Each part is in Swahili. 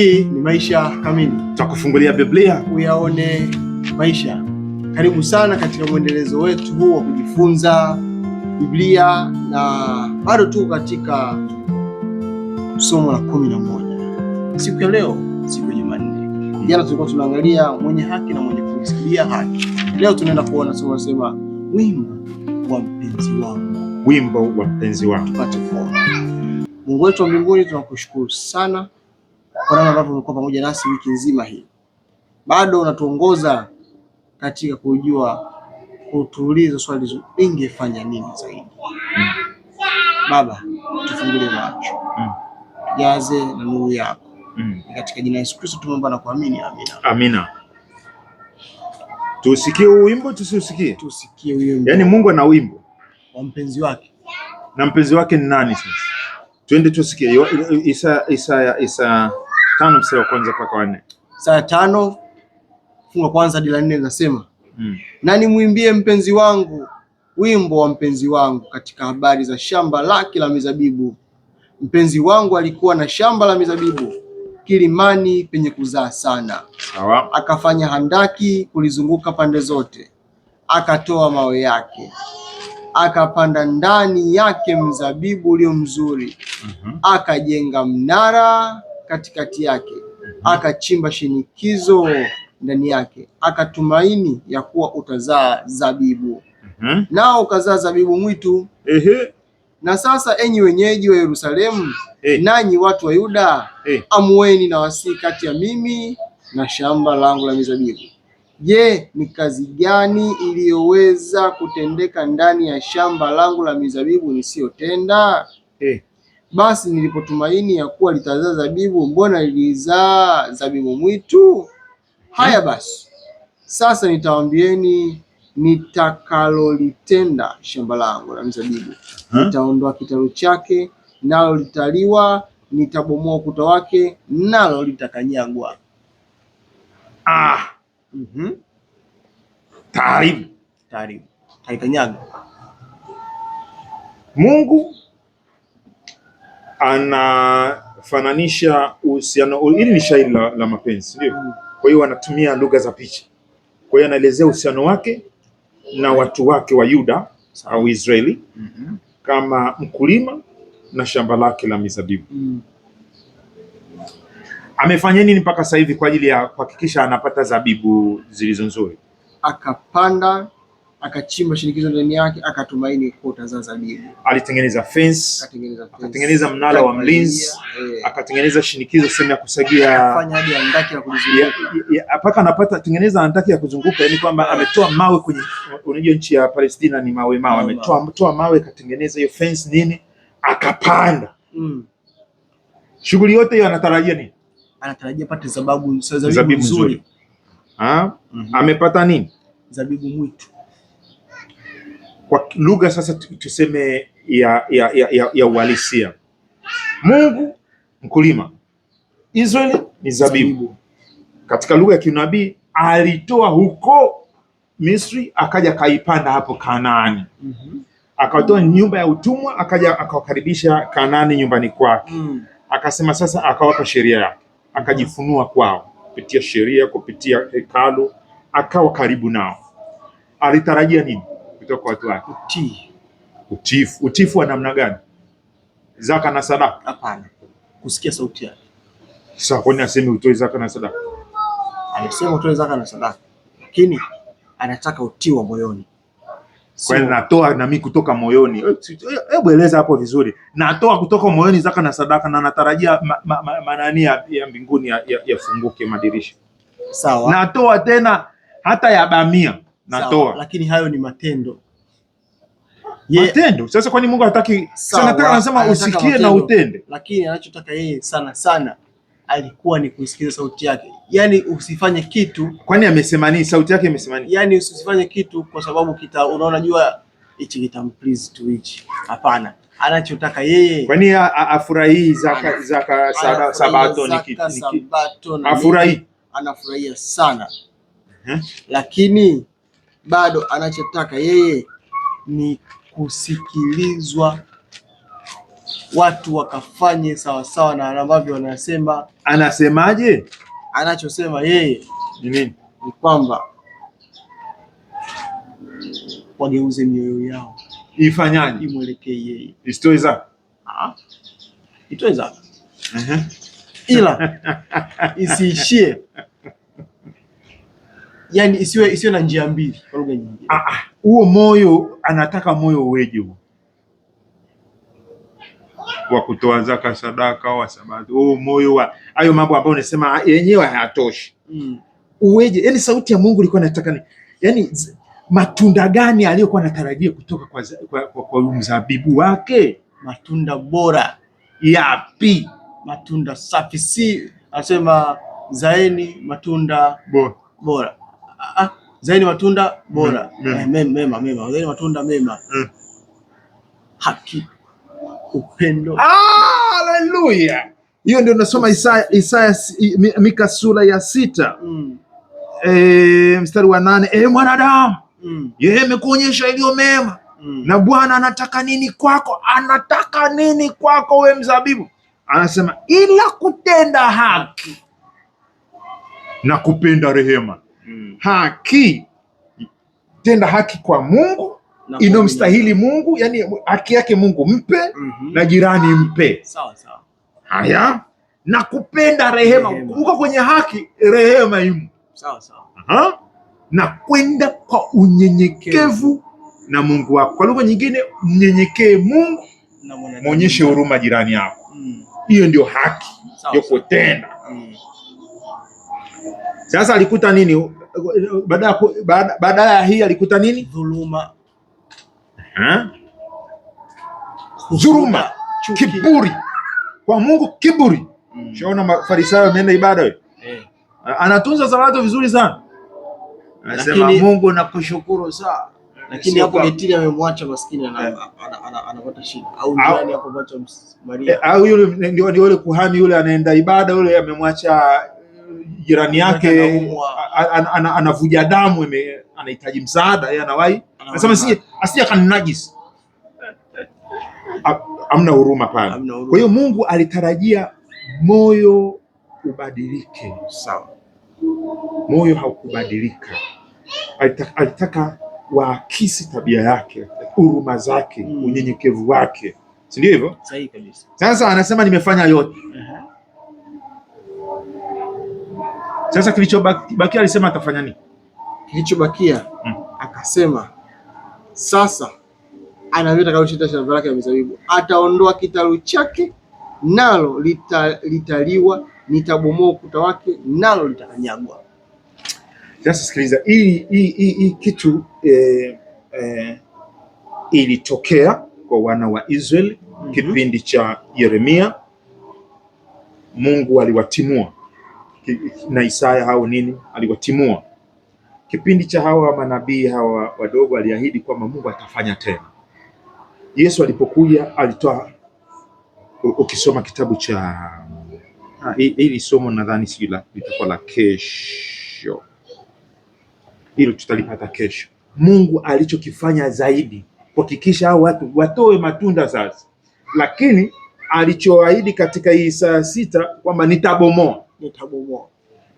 Hii ni Maisha Kamili, tutakufungulia Biblia uyaone maisha. Karibu sana katika mwendelezo wetu huu wa kujifunza Biblia, na bado tu katika somo la kumi na moja siku ya leo, siku ya Jumanne. Jana tulikuwa tunaangalia mwenye haki na mwenye kusikia haki. Leo tunaenda kuona somo nasema wimbo wa mpenzi wangu, wimbo wa mpenzi wangu. Mungu wetu wa mbinguni, tunakushukuru sana kwa namna ambavyo umekuwa pamoja nasi wiki nzima hii, bado unatuongoza katika kujua kutuuliza swali, ingefanya nini zaidi? mm. Baba, tufungulie macho mm. tujaze na nuru yako mm. katika jina la Yesu Kristo tumeomba na kuamini, amina, amina. Tusikie huu wimbo, tusiusikie, tusikie wimbo. Yaani Mungu ana wimbo wa mpenzi wake, na mpenzi wake ni nani? Sasa tuende tusikie Isaya, Isaya, Isaya tano mstari wa kwanza mpaka wa nne. Sura tano fungu kwanza hadi la nne linasema mm. na nimwimbie mpenzi wangu wimbo wa mpenzi wangu katika habari za shamba lake la mizabibu. Mpenzi wangu alikuwa na shamba la mizabibu kilimani penye kuzaa sana. Sawa. Akafanya handaki kulizunguka pande zote, akatoa mawe yake, akapanda ndani yake mzabibu ulio mzuri, mhm. akajenga mnara katikati yake, akachimba shinikizo ndani yake, akatumaini ya kuwa utazaa zabibu hmm. Nao ukazaa zabibu mwitu Ehe. Na sasa enyi wenyeji wa Yerusalemu hey. Eh. Nanyi watu wa Yuda hey. Eh. Amueni na wasii kati ya mimi na shamba langu la mizabibu. Je, ni kazi gani iliyoweza kutendeka ndani ya shamba langu la mizabibu nisiyotenda? hey. Eh. Basi nilipotumaini ya kuwa litazaa zabibu, mbona lilizaa zabibu mwitu? Haya basi, sasa nitawaambieni nitakalolitenda shamba langu la mzabibu. Nitaondoa kitalu chake, nalo litaliwa; nitabomoa ukuta wake, nalo litakanyagwa. Ah. mm -hmm. Taaribu, taaribu, haikanyaga Mungu anafananisha uhusiano, hili ni shairi la, la mapenzi ndio. Kwa hiyo anatumia lugha za picha, kwa hiyo anaelezea uhusiano wake na watu wake wa Yuda au Israeli mm -hmm. kama mkulima na shamba lake la mizabibu mm. Amefanya nini mpaka sasa hivi kwa ajili ya kuhakikisha anapata zabibu zilizo nzuri? Akapanda akachimba shinikizo ndani yake, akatumaini kuota za zabibu. Alitengeneza fence, akatengeneza mnara wa mlinzi, eh. akatengeneza shinikizo sehemu ya kusagia, afanya hadi andaki ya kuzunguka mpaka anapata tengeneza andaki ya kuzunguka, yani kwamba ametoa mawe kwenye, unajua nchi ya Palestina ni mawe mawe, ametoa toa mawe, akatengeneza hiyo fence nini, akapanda mm. Shughuli yote hiyo anatarajia nini? Anatarajia pate zabibu nzuri. Ha? Mm -hmm. amepata nini? Zabibu mwitu kwa lugha sasa tuseme ya ya ya, ya uhalisia. Mungu mkulima, Israeli ni zabibu. Katika lugha ya kinabii alitoa huko Misri, akaja akaipanda hapo Kanaani. mm -hmm. Akatoa nyumba ya utumwa, akaja akawakaribisha Kanaani nyumbani kwake. mm. Akasema sasa, akawapa sheria yake, akajifunua kwao kupitia sheria, kupitia hekalu, akawa karibu nao. Alitarajia nini? kutoka watu wake? Utii. Utifu. Utifu wa namna gani? Zaka na sadaka? Hapana. Kusikia sauti yake. Sasa kwa nini aseme utoe zaka na sadaka? Anasema utoe zaka na sadaka. Lakini anataka utii wa moyoni. Kwa hiyo natoa na mimi kutoka moyoni. Eh, eh, hebu eleza hapo vizuri. Natoa kutoka moyoni zaka na sadaka na natarajia manani ma, ma, ma, ya mbinguni yafunguke ya, ya madirisha. Sawa. Natoa tena hata ya bamia natoa, lakini hayo ni matendo Ye, matendo. Sasa kwani Mungu hataki sana? Nataka anasema usikie na utende, lakini anachotaka yeye sana sana alikuwa ni kusikiliza sauti yake, yaani usifanye kitu. Kwani amesema nini? Sauti yake imesema nini? Yaani usifanye kitu kwa sababu kita unaona jua hichi kitamplizi tu hichi, hapana. Anachotaka yeye kwani afurahii zaka zaka sabato ni kitu, afurahii anafurahia sana uh eh? -huh. lakini bado anachotaka yeye ni kusikilizwa, watu wakafanye sawasawa na ambavyo wanasema. Anasemaje? Anachosema yeye ni nini? Ni kwamba wageuze mioyo yao. Ifanyaje? Imwelekee yeye, isitoe Ah, itoe zake, ila isiishie yani isiwe isiwe na njia mbili kwa lugha nyingine. Ah, ah, huo moyo anataka moyo uweje huo wa kutoa zaka, sadaka, wa sabato, huo moyo wa hayo mambo ambayo unasema ah, yenyewe hayatoshi mm. Uweje? Yani sauti ya Mungu ilikuwa inataka yani matunda gani aliyokuwa anatarajia kutoka kwa, kwa, kwa, kwa mzabibu wake? Matunda bora yapi? Matunda safi, si asema zaeni matunda bora bora Ah, zaini matunda bora mm, eh, mema mema, zaini matunda mema, mm. haki, upendo. Ah, haleluya! Hiyo ndio nasoma Isaya, Isaya, Mika sura ya sita mm. e, mstari wa nane. E mwanadamu mm. yeye amekuonyesha iliyo mema mm. na Bwana anataka nini kwako? Anataka nini kwako we mzabibu? Anasema ila kutenda haki na kupenda rehema Mm. haki tenda haki kwa Mungu inayomstahili Mungu, yani haki yake Mungu mpe mm -hmm. na jirani mpe sawa sawa. Haya, na kupenda rehema, kumbuka kwenye haki rehema imu sawa sawa. na kwenda kwa unyenyekevu na Mungu wako. Kwa lugha nyingine, mnyenyekee Mungu, mwonyeshe huruma jirani yako. Mm. Hiyo mm. ndio haki yokutenda kutenda mm. Sasa alikuta nini baada ya hii alikuta nini? Dhuluma, dhuluma, kiburi kwa Mungu, kiburi. Mm. Shaona Mafarisayo ameenda ibada, wewe eh. anatunza sabato vizuri sana, anasema lakini, Mungu nakushukuru sana eh, lakini hapo getini amemwacha maskini eh. anapata shida, au Maria au yule ndio yule kuhani yule anaenda ibada yule amemwacha jirani yake anavuja damu, anahitaji msaada, yeye anawahi, anasema asije kaninajis Amna huruma pale. Kwa hiyo Mungu alitarajia moyo ubadilike, sawa. Moyo haukubadilika, alitaka waakisi tabia yake, huruma zake, hmm. unyenyekevu wake, si ndio hivyo? Sahihi kabisa. Sasa anasema nimefanya yote. Aha. Sasa kilichobakia alisema atafanya nini? Kilichobakia hmm, akasema sasa anavyotakashinda shamba lake la mizabibu, ataondoa kitalu chake nalo litaliwa, nitabomoa ukuta wake nalo litakanyagwa. Sasa sikiliza, hii kitu eh, eh, ilitokea kwa wana wa Israeli mm -hmm. Kipindi cha Yeremia Mungu aliwatimua na Isaya hao nini, aliwatimua kipindi cha hawa manabii hawa wadogo, aliahidi kwamba Mungu atafanya tena. Yesu alipokuja alitoa, ukisoma kitabu cha ah, hili somo nadhani si litakuwa la kesho, hilo tutalipata kesho. Mungu alichokifanya zaidi kuhakikisha hao watu watoe matunda sasa, lakini alichoahidi katika Isaya sita kwamba nitabomoa nitabomoa.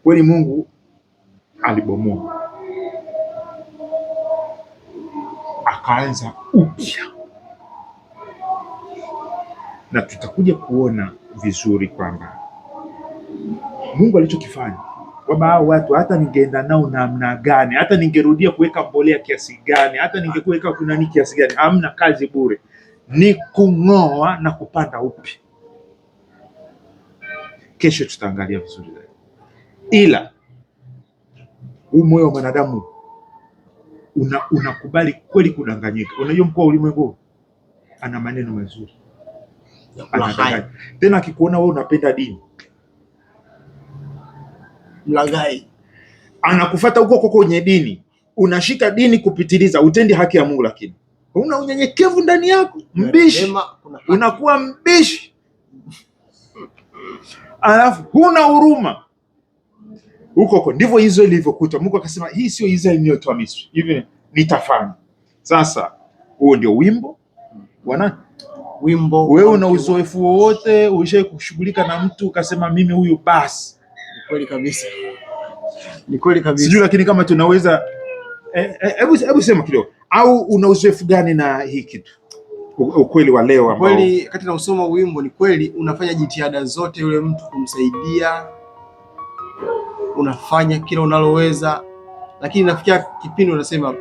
Kweli Mungu alibomoa, akaanza upya, na tutakuja kuona vizuri kwamba Mungu alichokifanya kwamba hao watu hata ningeenda nao namna gani, hata ningerudia kuweka mbolea kiasi gani, hata ningekuweka kunani kiasi gani, hamna kazi bure, ni kung'oa na kupanda upya kesho tutaangalia vizuri zaidi, ila huu moyo wa mwanadamu unakubali una kweli kudanganyika. Unajua mkuu wa ulimwengu ana maneno mazuri, tena, akikuona wewe unapenda dini mlagai, anakufata huko koko kwenye dini, unashika dini kupitiliza, utendi haki ya Mungu, lakini una unyenyekevu ndani yako, mbishi, unakuwa mbishi alafu huna huruma huko huko. Ndivyo Israeli ilivyokuta. Mungu akasema hii sio Israeli niliyotoa Misri, hivi nitafanya sasa. Huo ndio wimbo wana Wimbo wewe una uzoefu wowote? Ulishawahi kushughulika na mtu ukasema mimi huyu basi? Ni kweli kabisa, ni kweli kabisa. Sijui lakini kama tunaweza hebu eh, eh, sema kidogo, au una uzoefu gani na hii kitu? ukweli wa leo ambao kweli kati na usoma wimbo ni kweli, unafanya jitihada zote yule mtu kumsaidia, unafanya kila unaloweza, lakini nafikia kipindi unasema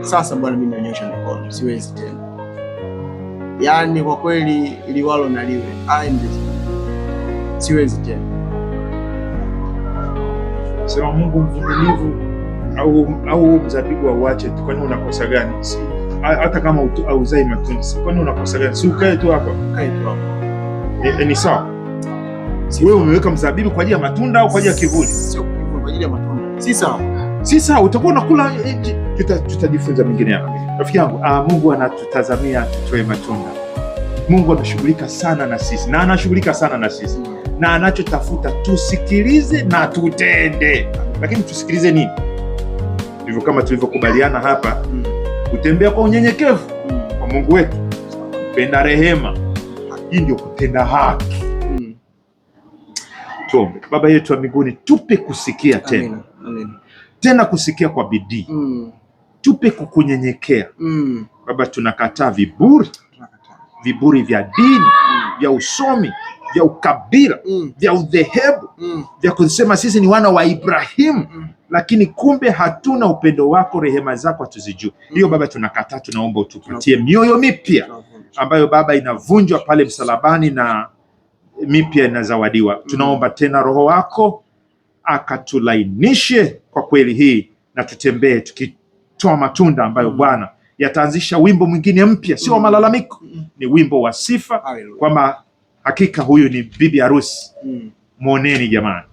sasa, bwana, mimi nanyosha mikono, siwezi tena. yani kwa kweli liwalo na liwe, siwezi tena. Sema Mungu mvumilivu au, au mzabibu auache, kwani unakosa gani? si hata kama auzai matunzi, kwani unakosa gani? Si ukae tu hapa, kae tu hapa. E, e, ni sawa. Wewe umeweka mzabibu kwa ajili ya matunda au kwa ajili ya kivuli? Sio kivuli, kwa ajili ya matunda. Si sawa. Si sawa, utakuwa unakula. E, e, e, tutajifunza mingine hapa. Rafiki yangu, ah, Mungu anatutazamia tutoe matunda. Mungu anashughulika sana na sisi na anashughulika sana na sisi na anachotafuta tusikilize na tutende, lakini tusikilize nini? Hivyo kama tulivyokubaliana hapa mm kutembea kwa unyenyekevu kwa Mungu wetu, kupenda rehema, hii ndio kutenda haki. Mm. Tuombe. Baba yetu wa mbinguni, tupe kusikia tena. Amen. Tena kusikia kwa bidii. Mm. Tupe kukunyenyekea. Mm. Baba, tunakataa viburi, viburi vya dini, mm. vya usomi vya ukabila mm. vya udhehebu mm. vya kusema sisi ni wana wa Ibrahimu mm lakini kumbe hatuna upendo wako, rehema zako hatuzijui. Mm-hmm. Hiyo Baba tunakataa, tunaomba utupatie mm-hmm. mioyo mipya mm-hmm. ambayo Baba inavunjwa pale msalabani na mipya inazawadiwa. Tunaomba tena Roho wako akatulainishe kwa kweli hii, na tutembee tukitoa matunda ambayo Bwana yataanzisha wimbo mwingine mpya, sio wa malalamiko, ni wimbo wa sifa, kwamba hakika huyu ni bibi harusi. Mwoneni jamani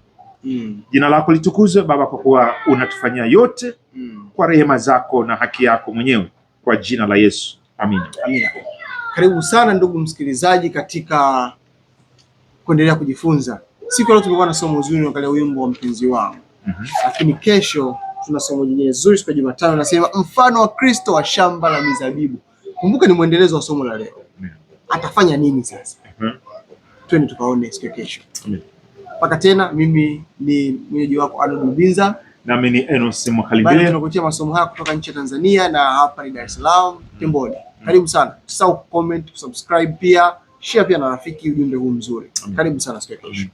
mm. Jina lako litukuzwe Baba, kwa kuwa unatufanyia yote mm. kwa rehema zako na haki yako mwenyewe, kwa jina la Yesu amina. Amina. Karibu sana ndugu msikilizaji katika kuendelea kujifunza. Siku leo tumekuwa na somo zuri, unaangalia wimbo wa mpenzi wangu mm -hmm. Lakini kesho tuna somo jingine zuri siku ya Jumatano, nasema mfano wa Kristo wa shamba la mizabibu. Kumbuka ni mwendelezo wa somo la leo, atafanya nini sasa? mm -hmm. Twende tukaone siku kesho. Amen. Mpaka tena, mimi ni mwenyeji wako Arnold na nami ni Enos Mwakalibele. Tunakutia masomo haya kutoka nchi ya Tanzania na hapa ni Dar es Salaam Temboni. Karibu sana, usisahau comment, subscribe, pia share pia na rafiki ujumbe huu mzuri. Karibu sana siku ya kesho.